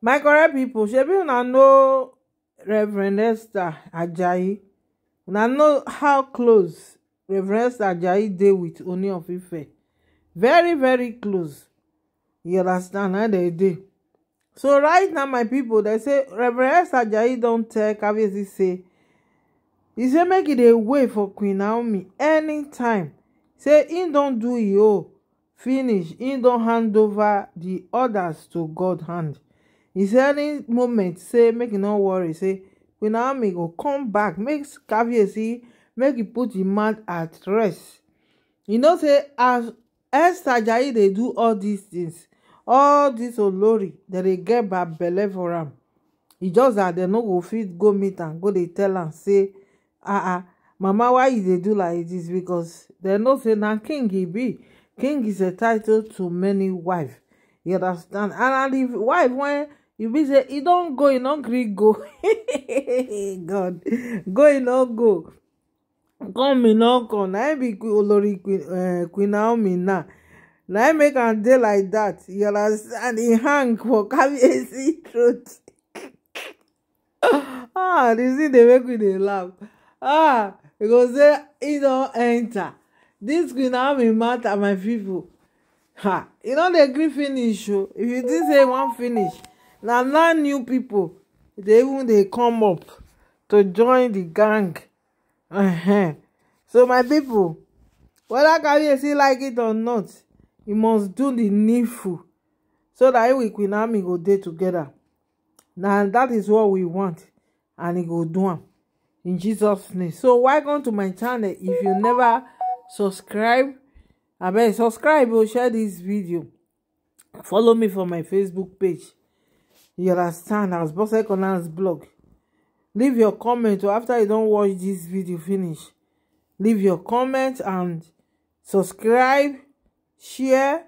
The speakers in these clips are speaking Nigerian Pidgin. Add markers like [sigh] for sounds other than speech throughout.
my correct people, shebi una know reverend esther ajayi una know how close reverend esther ajayi dey with oni of ife very very close you understand how dem dey so right now my people, dem say reverend esther ajayi don tell kabezi say e say make e dey wait for queen naomi anytime say im don do e own finish im don hand over di orders to god hand e say any moment say make you no worry say queen naomi go come back make kabiyesi make e put im mind at rest you know say as esther ajayi dey do all these things, all dis olori dem dey get bad belle for am e just that dem no go fit go meet am go dey tell am say ah ah mama why you dey do like this? because dem know say na king he be king is entitled to many wife you understand and na di wife wen you be say you don go you no gree go [laughs] god go you no go come e no come na be olori queen eh, naomi now na im make am dey like that. you understand e hang for [laughs] kabiyesi throat [laughs] ah the thing dey make we dey laugh ah because go say e don enter This queen naomi matter my people. ha e no dey gree finish o oh. if you think say e wan finish na now new people, dey even dey come up to join the gang so my people, whether kabiyesi like it or not e must do the needful so that we with queen ami go dey together. na that is what we want and e go do am in jesus name so welcome to my channel if you never subscribe abeg subscribe or oh, share this video follow me for my facebook page you understand I was as on corners blog leave your comment after you don't watch this video finish leave your comment and subscribe share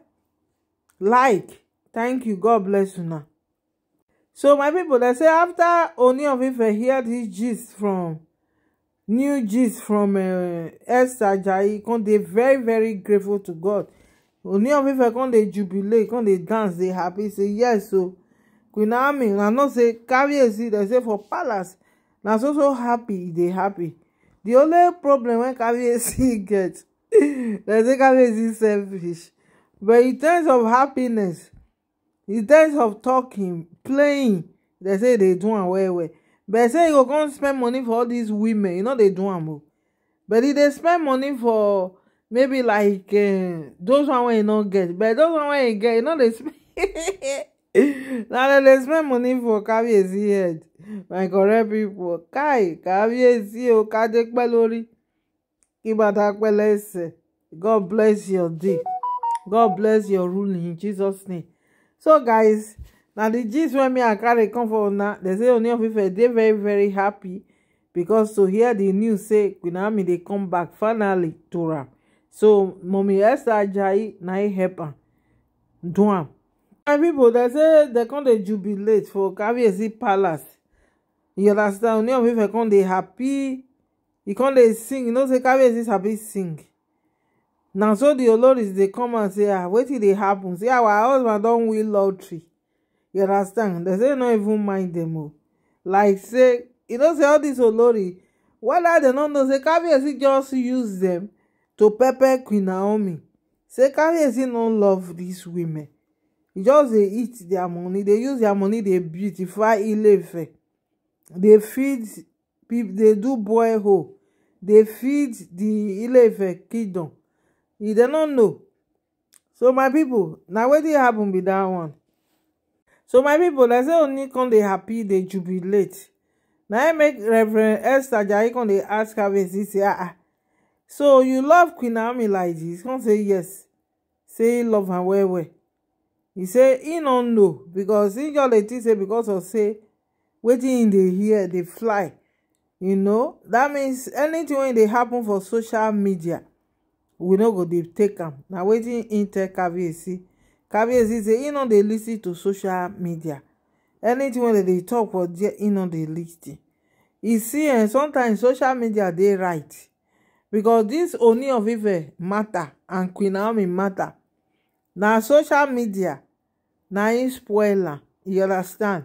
like thank you god bless you now. so my people, dem say after only of ife hear dis gist from new gist from uh, esther Jai, come dey very very grateful to god Only of ife come they jubilate come they dance they happy say yes oh queen army na no say carviesi They say for palace na so so happy They happy The only problem when wey carviesi get [laughs] they say carviesi selfish but in terms of happiness in terms of talking playing they say they dey do am well well but say e go spend money for all these women you know they do am o oh. but if they spend money for maybe like eh, those one where you no get but those one where you get you know they spend [laughs] na dem dey spend money for kabiyesi head my correct pipo kai kabiyesi o kaje pelori kibata pelese god bless your day god bless your ruling in jesus name so guys na di gist wey me and kari come for una dem say oni of Ife dey very very happy because to hear di news say Queen dey come back finally to am so Mummy Esther Ajayi na help am do am di pipo dem say dem dey jubilate for kambiasi palace of ife ofimfee dey happy e dey sing you know say kambiasi sabi sing na so di oloris dey come and say ah wetin dey happen say ah, our husband ma don win you understand dem say yu no even mind dem o oh. like say know say all dis olori oh, whether dem no know say kambiasi just use dem to pepper queen naomi say kambiasi no love dis women. e just dey eat their money dey use their money dey beautify ilefe dey feed people dey do borehole dey feed di ilefe kingdom e dey no know so my pipo na wetin happen be that one so my people, like say oni come dey happy dey jubilate na im make reverend esther jai come dey ask harvest say ah, ah so you love queen naomi like dis come say yes say love her. well well He say he no know because e just dey think say because of say wetin e dey hear dey fly you know that means anything wey dey happen for social media we no go dey take am na wetin im tell kabiyesi kabiyesi say he no dey lis ten to social media anything wey dem dey talk for there im no dey lis ten e see eh sometimes social media dey right because this Ooni of Ife matter and Queen Naomi matter na social media na spoiler, spoil je you understand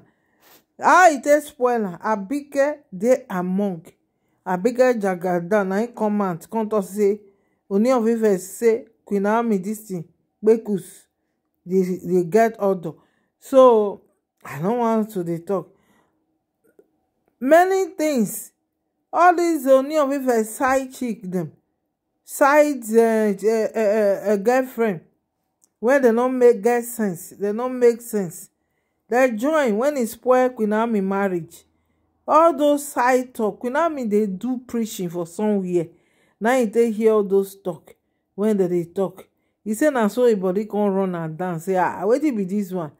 Ah, e spoiler. abike de among abike jagada na him come out come say only of Ife say Queen suis they get order so i don't want to talk many things all these only of a side chick them side a eh, eh, eh, girlfriend When they no make get sense they no make sense They join wen e spoil queen naomi marriage all those side talk queen naomi dey do preaching for somewhere na im they hear all those talk When dem they talk he said, "I saw im body come run and dance." say ah did be this one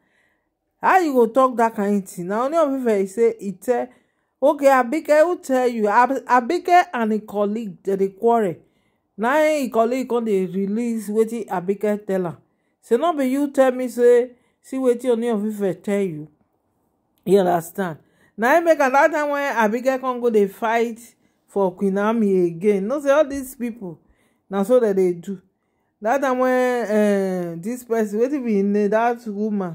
how you go talk dat kain thing na only of ife say e tell okay abike who tell you abike and im colleague dem dey quarrel na im colleague come dey release wetin abike tell her? say no be you tell me say see wetin oni of ife tell you you understand na im make am dat time when abigail come go dey fight for queen ami again you know say all these people na so dem dey do dat time when um, eh, dis person wetin be im name dat woman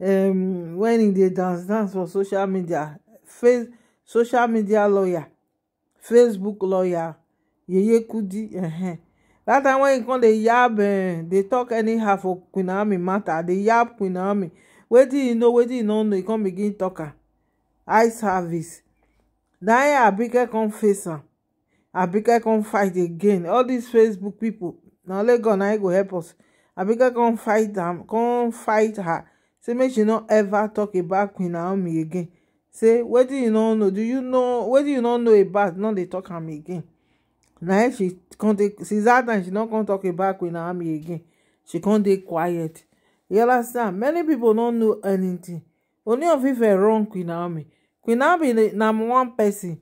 um, when im dey dance dance for social media face social media lawyer facebook lawyer yeye kudi uh eh, -huh. Eh. That time when he come dey yab emm eh, dey talk anyhow for queen naomi matter dey yab queen naomi wetin e know wetin e no know he come begin talk am eye service na im abike come face am abike come fight again all these facebook people na only god na im go help us abike come fight am come fight her say make she no ever talk about queen naomi again say wetin you no know do you know wetin you no know about no dey talk am again na she come dey since dat time she don come tok about queen naomi again she come dey quiet you understand many pipo no know anytin only of ife wrong queen naomi queen naomi na one pesin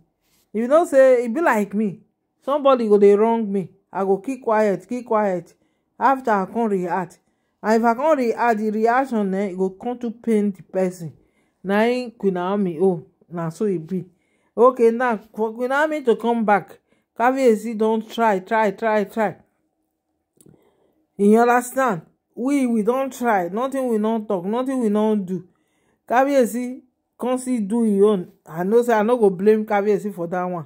you know say e be like me somebody go dey wrong me i go keep quiet keep quiet after i come react and if i come react di reaction e go come to pain di pesin na im queen naomi oh na so e be okay now for queen naomi to come back Kábíyèsí don try try try try. You understand? We we don try, nothing we no talk, nothing we no do. Kábíyèsí come see do im own. I know say I no go blame Kábíyèsí for dat one.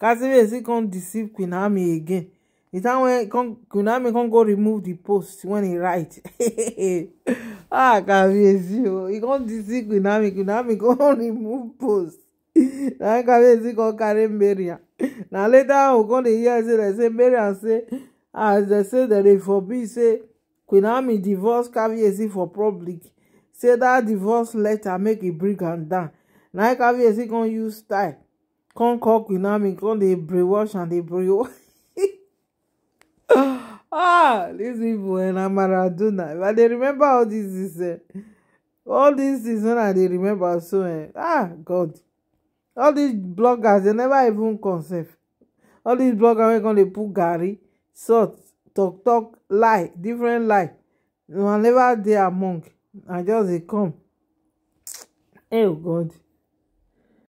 Kábíyèsí come deceive Queen Naomi again. The time when come, Queen Naomi come go remove the post when he write. [laughs] ah, Kábíyèsí o. He come deceive Queen Naomi. Queen Naomi come [laughs] remove post na kabezi come carry maria na later on we come dey hear say dem say maria say as dem say dem dey forbid say queen ami divorce kabiyesi for public say dat divorce letter make e bring am down na kabiyesi come use style come call queen ami come dey wash and dey brainwash [laughs] ah dis people eh na maradona if i dey remember all dis things eh all dis season wey i dey remember so eh ah god all these bloggers they never even conceive. all these bloggers wey come put Gary, salt talk talk lie different lie na never dey among I just dey come oh god